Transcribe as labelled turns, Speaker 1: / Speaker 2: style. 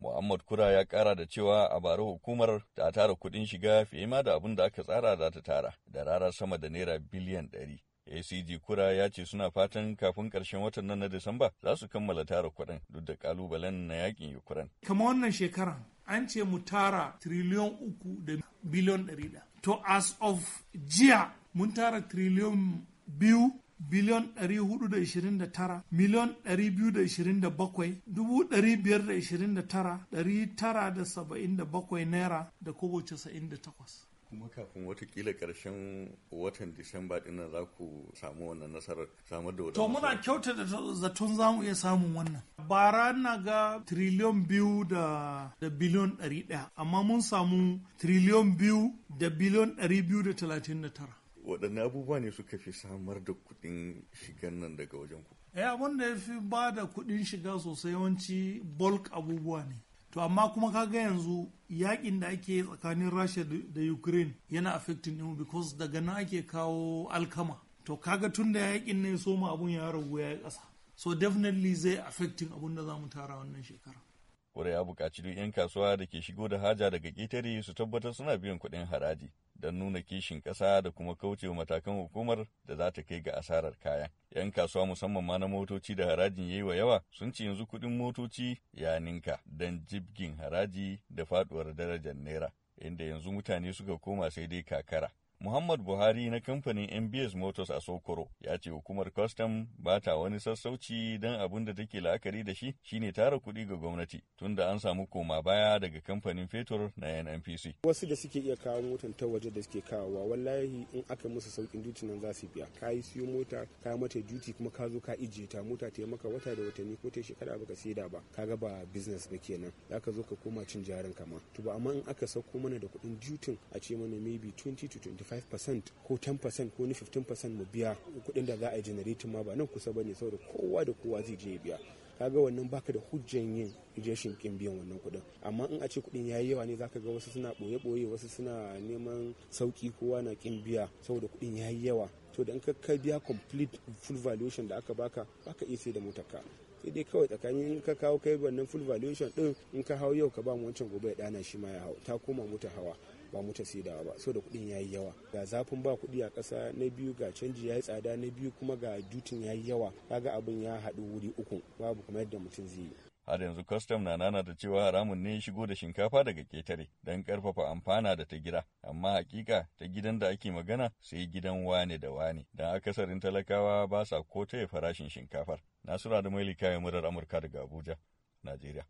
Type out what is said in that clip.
Speaker 1: Muhammad Kura ya kara da cewa a bara hukumar ta tara kuɗin shiga fiye ma da abin da aka tsara za ta tara da rara sama da naira biliyan ɗari. ACG Kura ya ce suna fatan kafin ƙarshen watan nan na Disamba za su kammala tara kuɗin duk da ƙalubalen na yakin Ukraine.
Speaker 2: Kama wannan shekaran an ce mu tara triliyon uku da biliyon ɗari To as of jiya mun tara triliyon biyu biliyon 429 miliyon 227,529,977 naira da kobo 98
Speaker 1: kuma kafin watakila karshen watan disamba dinnan za ku samu wannan nasarar samar da to muna kyauta da
Speaker 2: zaton za mu iya samun wannan bara na ga triliyon biyu da biliyon ɗari ɗaya amma mun samu triliyon biyu da biliyon ɗari biyu da talatin da tara
Speaker 1: waɗanne abubuwa ne suka fi samar da kuɗin shigan nan daga wajen ku
Speaker 2: eh abin da ya fi ba da kuɗin shiga sosai yawanci bulk abubuwa ne to amma kuma kaga yanzu yakin da ake tsakanin russia da Ukraine yana affecting din because daga nan ake kawo alkama to kaga tun da yakin ne soma abun ya ragu ya yi ƙasa so definitely zai affecting abun da za mu tara wannan shekara
Speaker 1: Wurin ya buƙaci duk 'yan kasuwa da ke shigo da haja daga ƙetare su tabbatar suna biyan kuɗin haraji don nuna kishin ƙasa da kuma kaucewa matakan hukumar da za ta kai ga asarar kayan. 'Yan kasuwa musamman ma na motoci da harajin yayi wa yawa sun ci yanzu kuɗin motoci ya ninka don jibgin haraji da faɗuwar darajar naira, inda yanzu mutane suka koma sai dai kakara. Muhammad Buhari na kamfanin MBS Motors a Sokoro ya ce hukumar kwastam ba ta wani sassauci don abin da take la'akari da shi shine tara kuɗi ga gwamnati tunda an samu koma baya daga kamfanin fetur na NNPC.
Speaker 3: Wasu da suke iya kawo motan ta waje da suke kawowa wallahi in aka musu saukin duty nan za su biya. Ka yi siyo mota ka mata duty kuma ka zo ka ijiye ta mota ta maka wata da watanni ko ta shekara baka saida ba ka ga ba business ba kenan ka zo ka koma cin jarin kama. To ba amma in aka sauko mana da kuɗin duty a ce mana maybe 20 to 25 5% ko 10% ko ni 15% mu biya kuɗin da za a yi ma ba nan kusa bane saboda kowa da kowa zai je biya kaga wannan baka da hujjan yin jeshin kin biyan wannan kuɗin amma in a ce kuɗin yi yawa ne zaka ga wasu suna boye boye wasu suna neman sauki kowa na kin biya saboda kuɗin yayi yawa to da in ka biya complete full valuation da aka baka baka iya sai da ka. sai dai kawai tsakanin in ka kawo kai wannan full valuation din in ka hau yau ka ba mu wancan gobe ya dana shi ma ya hau ta koma mutu hawa ba mu ta saidawa ba saboda kuɗin ya yi yawa ga zafin ba kudi a kasa na biyu ga canji yayi tsada na biyu kuma ga dutin yayi yi yawa kaga abin ya haɗu wuri uku babu kuma yadda mutum zai yi
Speaker 1: har yanzu kwastam na nana da cewa haramun ne shigo da shinkafa daga ketare don karfafa amfana da ta gira amma hakika ta gidan da ake magana sai gidan wane da wane don akasarin talakawa ba sa ko taya farashin shinkafar Nasiru da Mailika ya murar Amurka daga Abuja, Najeriya.